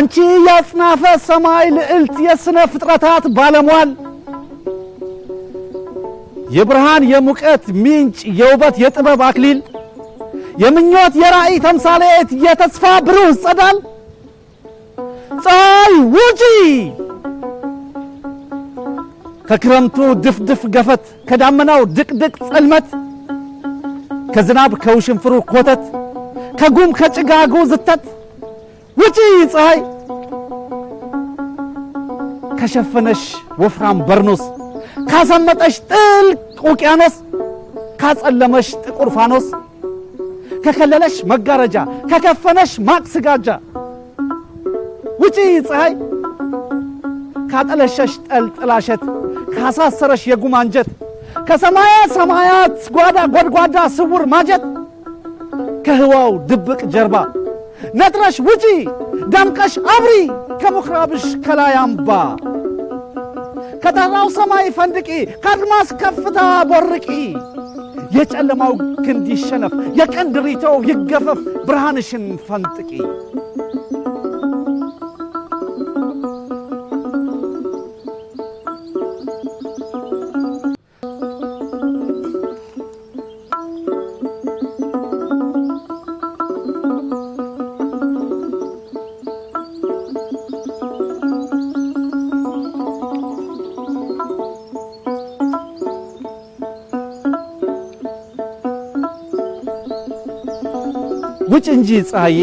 አንቺ ያጽናፈ ሰማይ ልዕልት የሥነ ፍጥረታት ባለሟል የብርሃን የሙቀት ምንጭ የውበት የጥበብ አክሊል የምኞት የራእይ ተምሳሌት የተስፋ ብሩህ ጸዳል ፀሐይ ውጪ ከክረምቱ ድፍድፍ ገፈት ከዳመናው ድቅድቅ ጸልመት ከዝናብ ከውሽንፍሩ ኮተት ከጉም ከጭጋጉ ዝተት ውጪ ፀሐይ ከሸፈነሽ ወፍራም በርኖስ፣ ካሰመጠሽ ጥልቅ ውቅያኖስ፣ ካጸለመሽ ጥቁር ፋኖስ፣ ከከለለሽ መጋረጃ፣ ከከፈነሽ ማቅስጋጃ ውጪ ፀሐይ ካጠለሸሽ ጠልጥላሸት፣ ካሳሰረሽ የጉማንጀት፣ ከሰማየ ሰማያት ጓዳ ጎድጓዳ ስውር ማጀት፣ ከህዋው ድብቅ ጀርባ ነጥረሽ ውጪ፣ ደምቀሽ አብሪ ከምኵራብሽ ከላይ አምባ ከጠራው ሰማይ ፈንድቂ፣ ከአድማስ ከፍታ ቦርቂ። የጨለማው ክንድ ይሸነፍ፣ የቀን ድሪቶ ይገፈፍ፣ ብርሃንሽን ፈንጥቂ። ውጭ እንጂ ፀሐዬ፣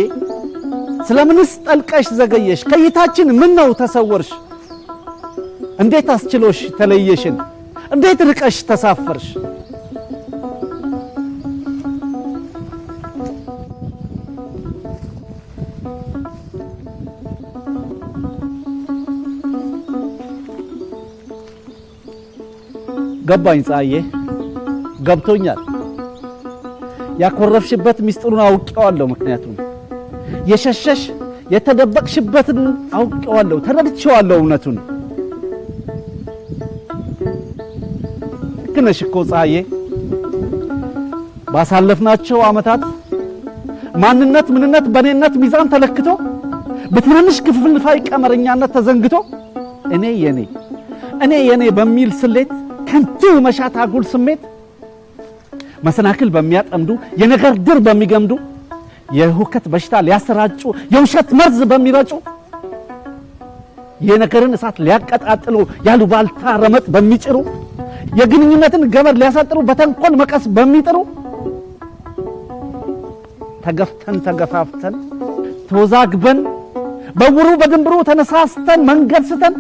ስለምንስ ጠልቀሽ ዘገየሽ? ከይታችን ምን ነው ተሰወርሽ? እንዴት አስችሎሽ ተለየሽን? እንዴት ርቀሽ ተሳፈርሽ? ገባኝ ፀሐዬ፣ ገብቶኛል። ያኮረፍሽበት ሚስጥሩን አውቄዋለሁ። ምክንያቱም የሸሸሽ የተደበቅሽበትን አውቄዋለሁ፣ ተረድቼዋለሁ እውነቱን። ልክ ነሽ እኮ ፀሐዬ። ባሳለፍናቸው ዓመታት ማንነት ምንነት በእኔነት ሚዛን ተለክቶ በትናንሽ ክፍልፋይ ቀመረኛነት ተዘንግቶ እኔ የኔ እኔ የኔ በሚል ስሌት ከንቱ መሻት አጉል ስሜት መሰናክል በሚያጠምዱ የነገር ድር በሚገምዱ የሁከት በሽታ ሊያሰራጩ የውሸት መርዝ በሚረጩ የነገርን እሳት ሊያቀጣጥሉ ያሉ ባልታ ረመጥ በሚጭሩ የግንኙነትን ገመድ ሊያሳጥሩ በተንኮል መቀስ በሚጥሩ ተገፍተን ተገፋፍተን ተወዛግበን በውሩ በድንብሩ ተነሳስተን መንገድ ስተን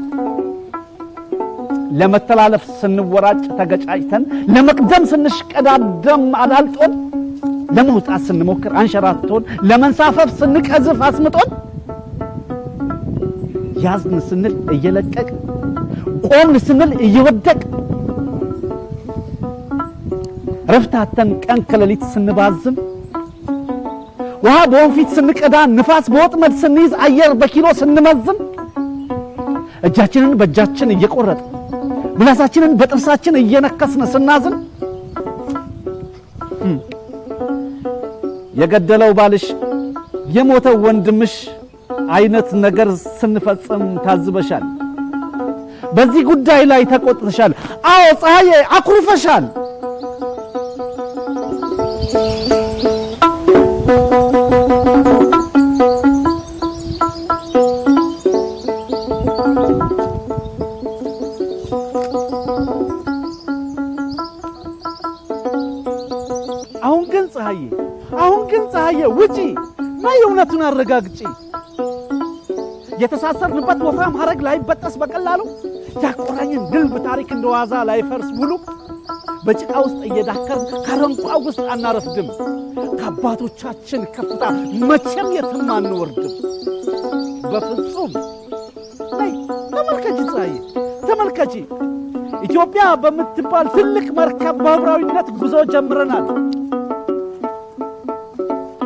ለመተላለፍ ስንወራጭ ተገጫጭተን፣ ለመቅደም ስንሽቀዳደም አዳልጦን፣ ለመውጣት ስንሞክር አንሸራቶን፣ ለመንሳፈፍ ስንቀዝፍ አስምጦን፣ ያዝን ስንል እየለቀቅ፣ ቆምን ስንል እየወደቅ፣ ረፍታተን ቀን ከሌሊት ስንባዝን፣ ውሃ በወንፊት ስንቀዳ፣ ንፋስ በወጥመድ ስንይዝ፣ አየር በኪሎ ስንመዝን እጃችንን በእጃችን እየቆረጥ ምላሳችንን በጥርሳችን እየነከስን ስናዝን የገደለው ባልሽ የሞተው ወንድምሽ አይነት ነገር ስንፈጽም ታዝበሻል። በዚህ ጉዳይ ላይ ተቆጥተሻል። አዎ ፀሐዬ አኩርፈሻል። ውጪ ና የእውነቱን አረጋግጪ። የተሳሰርንበት ወፍራም ሐረግ ላይበጠስ በቀላሉ ያቆራኝን ድልብ ታሪክ እንደዋዛ ላይፈርስ ሙሉ በጭቃ ውስጥ እየዳከር ከረንቋ ውስጥ አናረፍድም። ከአባቶቻችን ከፍታ መቼም የትም አንወርድም በፍጹም። ይ ተመልከቺ፣ ፀሐይ ተመልከቺ። ኢትዮጵያ በምትባል ትልቅ መርከብ በህብራዊነት ጉዞ ጀምረናል።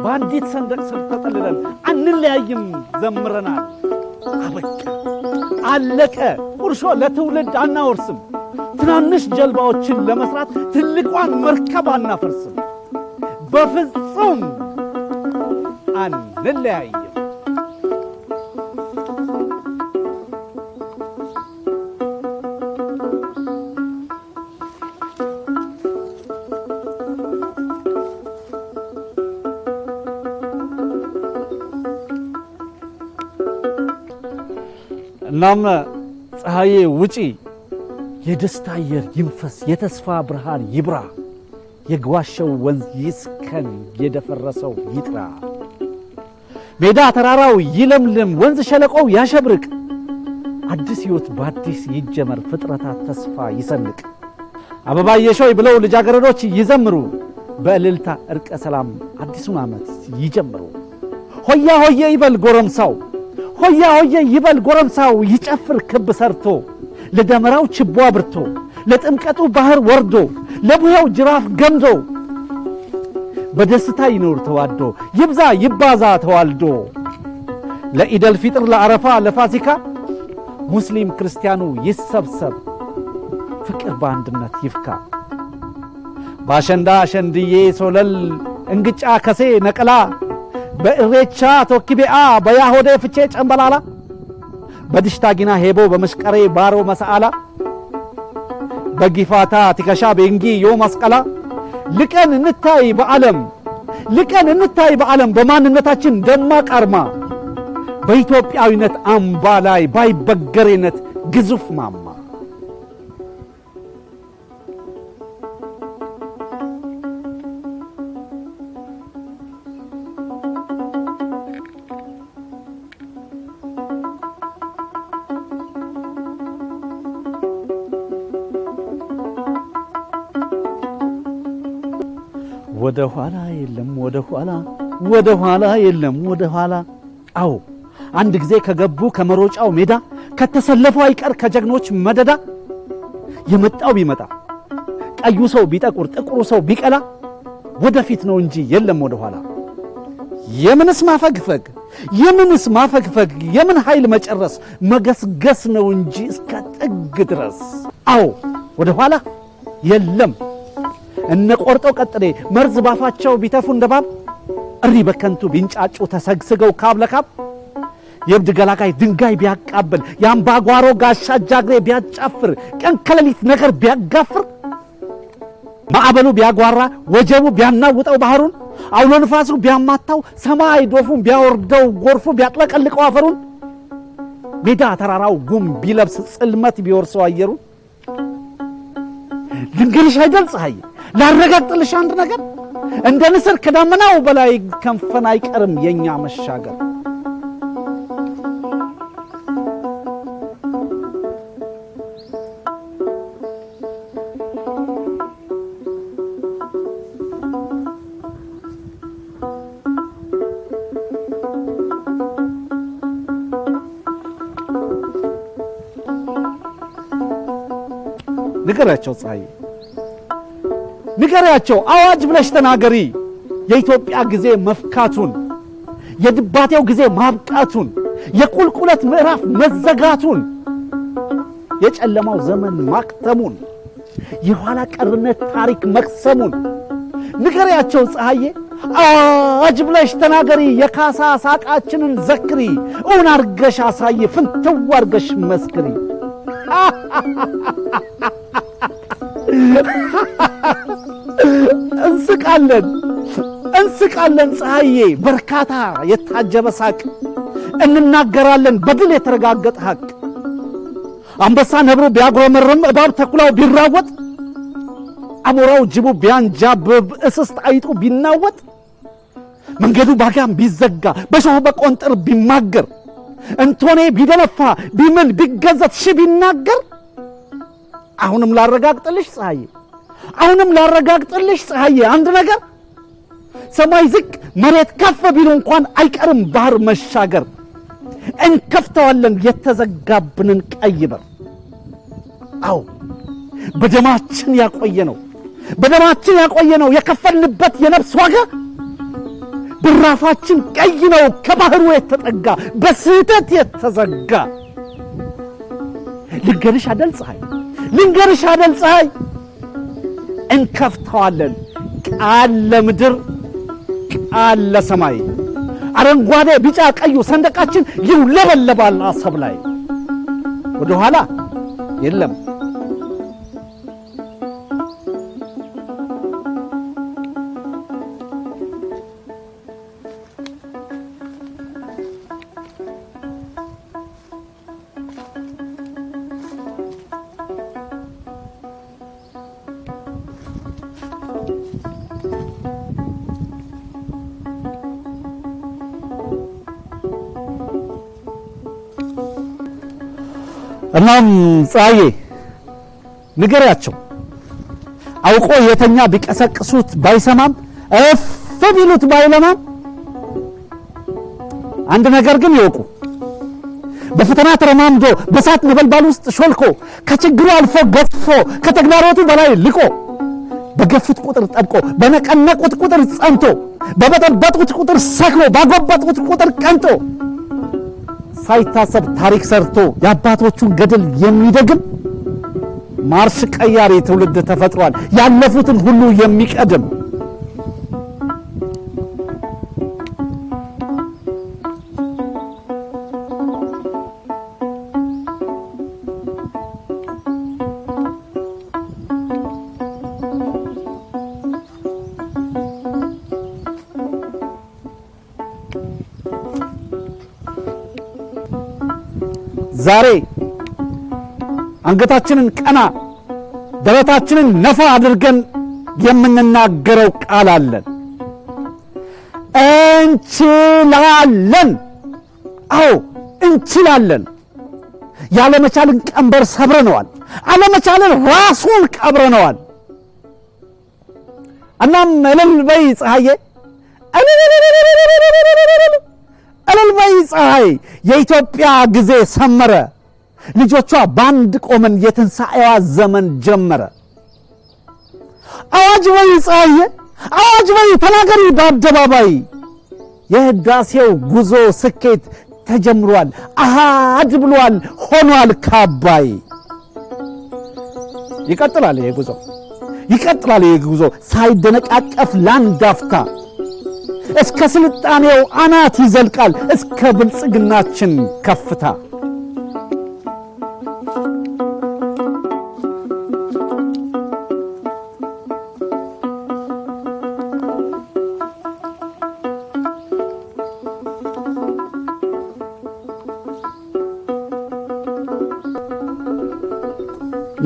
በአንዲት ሰንደቅ ስር ተጠልለን አንለያይም ዘምረናል። አበቃ፣ አለቀ። ቁርሾ ለትውልድ አናወርስም። ትናንሽ ጀልባዎችን ለመስራት ትልቋን መርከብ አናፈርስም። በፍጹም አንለያይ። እናም ፀሐዬ ውጪ፣ የደስታ አየር ይንፈስ፣ የተስፋ ብርሃን ይብራ፣ የጓሸው ወንዝ ይስከን፣ የደፈረሰው ይጥራ፣ ሜዳ ተራራው ይለምልም፣ ወንዝ ሸለቆው ያሸብርቅ፣ አዲስ ሕይወት በአዲስ ይጀመር፣ ፍጥረታት ተስፋ ይሰንቅ፣ አበባ የሾይ ብለው ልጃገረዶች ይዘምሩ፣ በእልልታ እርቀ ሰላም አዲሱን ዓመት ይጀምሩ፣ ሆያ ሆዬ ይበል ጎረምሳው ሆያ ሆየ ይበል ጎረምሳው ይጨፍር ክብ ሰርቶ ለደመራው ችቦ አብርቶ ለጥምቀቱ ባህር ወርዶ ለቡያው ጅራፍ ገምዞ በደስታ ይኖር ተዋዶ ይብዛ ይባዛ ተዋልዶ ለኢደል ፊጥር ለአረፋ ለፋሲካ ሙስሊም ክርስቲያኑ ይሰብሰብ ፍቅር በአንድነት ይፍካ። በአሸንዳ ሸንድዬ ሶለል እንግጫ ከሴ ነቀላ በእሬቻ ቶኪቤአ በያሆደ ፍቼ ጨምበላላ በድሽታ ጊና ሄቦ በመስቀሬ ባሮ መሰአላ በጊፋታ ትከሻ ቤንጊ ዮ ማስቀላ ልቀን እንታይ በዓለም ልቀን እንታይ በዓለም በማንነታችን ደማቅ አርማ በኢትዮጵያዊነት አምባ ላይ ባይበገሬነት ግዙፍ ማማ ወደ ኋላ የለም ወደ ኋላ ወደ ኋላ የለም ወደ ኋላ። አዎ አንድ ጊዜ ከገቡ ከመሮጫው ሜዳ ከተሰለፈው አይቀር ከጀግኖች መደዳ የመጣው ቢመጣ ቀዩ ሰው ቢጠቁር ጥቁሩ ሰው ቢቀላ ወደፊት ነው እንጂ የለም ወደ ኋላ። የምንስ ማፈግፈግ የምንስ ማፈግፈግ የምን ኃይል መጨረስ መገስገስ ነው እንጂ እስከ ጥግ ድረስ። አዎ ወደ ኋላ የለም እነ ቆርጠው ቀጥዴ መርዝ ባፋቸው ቢተፉ እንደባብ እሪ በከንቱ ቢንጫጩ ተሰግስገው ካብ ለካብ የእብድ ገላጋይ ድንጋይ ቢያቃብል የአምባጓሮ ጋሻ ጃግሬ ቢያጫፍር ቀን ከሌሊት ነገር ቢያጋፍር ማዕበሉ ቢያጓራ ወጀቡ ቢያናውጠው ባህሩን አውሎ ንፋሱ ቢያማታው ሰማይ ዶፉን ቢያወርደው ጎርፉ ቢያጥለቀልቀው አፈሩን ሜዳ ተራራው ጉም ቢለብስ ጽልመት ቢወርሰው አየሩን ድንግልሽ አይደል ፀሐይ ላረጋግጥልሽ አንድ ነገር፣ እንደ ንስር ከዳመናው በላይ ከንፈን አይቀርም የእኛ መሻገር። ንገራቸው ፀሐይ ንገሪያቸው። አዋጅ ብለሽ ተናገሪ። የኢትዮጵያ ጊዜ መፍካቱን፣ የድባቴው ጊዜ ማብቃቱን፣ የቁልቁለት ምዕራፍ መዘጋቱን፣ የጨለማው ዘመን ማክተሙን፣ የኋላ ቀርነት ታሪክ መክሰሙን ንገሪያቸው ፀሐዬ አዋጅ ብለሽ ተናገሪ። የካሳ ሳቃችንን ዘክሪ። እውን አርገሽ አሳየ ፍንትው አርገሽ መስክሪ። እንስቃለን እንስቃለን። ፀሐዬ በርካታ የታጀበ ሳቅ እንናገራለን። በድል የተረጋገጠ ሀቅ አንበሳ ነብሮ ቢያጉረመርም እባብ ተኩላው ቢራወጥ አሞራው ጅቡ ቢያንጃብብ እስስት አይጡ ቢናወጥ መንገዱ ባጋም ቢዘጋ በሾህ በቆንጥር ቢማገር እንቶኔ ቢደለፋ ቢምል ቢገዘት ሺ ቢናገር አሁንም ላረጋግጥልሽ ፀሐዬ አሁንም ላረጋግጥልሽ ፀሐዬ አንድ ነገር፣ ሰማይ ዝቅ መሬት ከፍ ቢሉ እንኳን አይቀርም ባህር መሻገር። እንከፍተዋለን የተዘጋብንን ቀይ በር። በደማችን ያቆየ ነው በደማችን ያቆየ ነው የከፈልንበት የነፍስ ዋጋ። ብራፋችን ቀይ ነው ከባህሩ የተጠጋ በስህተት የተዘጋ ልንገርሽ አደል ፀሐይ ልንገርሽ አደል ፀሐይ እንከፍተዋለን። ቃል ለምድር ቃል ለሰማይ አረንጓዴ፣ ቢጫ፣ ቀዩ ሰንደቃችን ይውለበለባል አሰብ ላይ ወደኋላ የለም። እናም ፀሐዬ ንገሪያቸው አውቆ የተኛ ቢቀሰቅሱት ባይሰማም እፍ ቢሉት ባይለማም አንድ ነገር ግን ይወቁ በፈተና ተረማምዶ በሳት ነበልባል ውስጥ ሾልኮ ከችግሩ አልፎ ገፎ ከተግዳሮቱ በላይ ልቆ በገፉት ቁጥር ጠብቆ በነቀነቁት ቁጥር ጸንቶ በበጠበጡት ቁጥር ሰክሎ ባጎበጡት ቁጥር ቀንጦ ሳይታሰብ ታሪክ ሰርቶ የአባቶቹን ገድል የሚደግም ማርሽ ቀያሪ ትውልድ ተፈጥሯል። ያለፉትን ሁሉ የሚቀድም ዛሬ አንገታችንን ቀና ደረታችንን ነፋ አድርገን የምንናገረው ቃል አለን። እንችላለን። አዎ እንችላለን። ያለመቻልን ቀንበር ሰብረነዋል። አለመቻልን ራሱን ቀብረነዋል። እናም እልል በይ ፀሐዬ እልልበይ ፀሐይ የኢትዮጵያ ጊዜ ሰመረ። ልጆቿ በአንድ ቆመን የትንሣኤዋ ዘመን ጀመረ። አዋጅ በይ ፀሐየ አዋጅ በይ ተናገሪ በአደባባይ የህዳሴው ጉዞ ስኬት ተጀምሯል። አሃድ ብሏል ሆኗል ካባይ ይቀጥላል ይሄ ጉዞ ይቀጥላል ይሄ ጉዞ ሳይደነቃቀፍ ላንዳፍታ አፍታ እስከ ስልጣኔው አናት ይዘልቃል፣ እስከ ብልጽግናችን ከፍታ።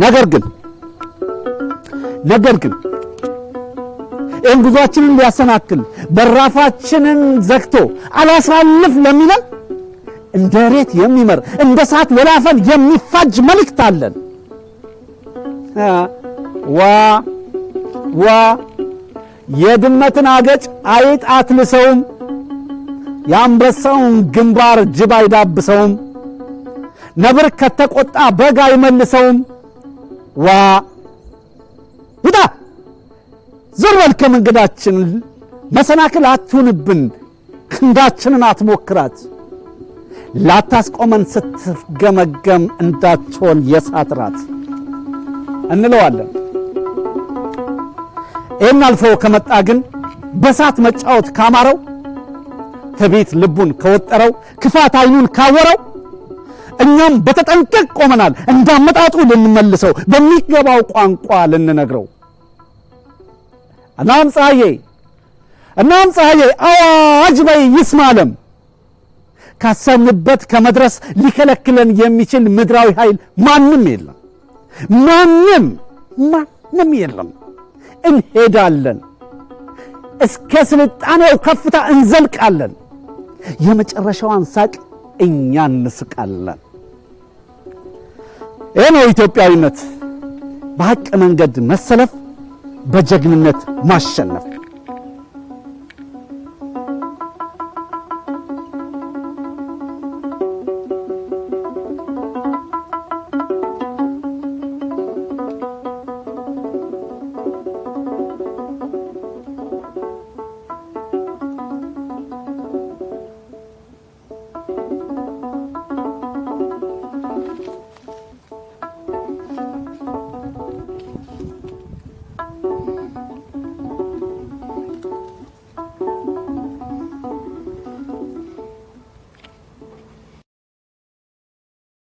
ነገር ግን ነገር ግን ይህን ጉዟችንን ሊያሰናክል በራፋችንን ዘግቶ አላሳልፍ ለሚለን እንደ ሬት የሚመር እንደ ሰዓት ወላፈን የሚፋጅ መልእክት አለን። ዋ ዋ የድመትን አገጭ አይጥ አትልሰውም፣ የአንበሳውን ግንባር ጅብ አይዳብሰውም፣ ነብር ከተቆጣ በግ አይመልሰውም። ዋ ውጣ ዞር በል ከመንገዳችን፣ መሰናክል አትሁንብን፣ ክንዳችንን አትሞክራት፣ ላታስቆመን ስትገመገም እንዳትሆን የሳትራት እንለዋለን። ይህን አልፎ ከመጣ ግን በሳት መጫወት ካማረው፣ ትዕቢት ልቡን ከወጠረው፣ ክፋት አይኑን ካወረው እኛም በተጠንቀቅ ቆመናል። እንዳመጣጡ ልንመልሰው፣ በሚገባው ቋንቋ ልንነግረው እናም ፀሐዬ እናም ፀሐዬ አዋጅ በይ ይስማለም ካሰብንበት ከመድረስ ሊከለክለን የሚችል ምድራዊ ኃይል ማንም የለም፣ ማንም ማንም የለም። እንሄዳለን፣ እስከ ስልጣኔው ከፍታ እንዘልቃለን። የመጨረሻዋን ሳቅ እኛ እንስቃለን። ይህ ነው ኢትዮጵያዊነት፣ በሐቅ መንገድ መሰለፍ በጀግንነት ማሸነፍ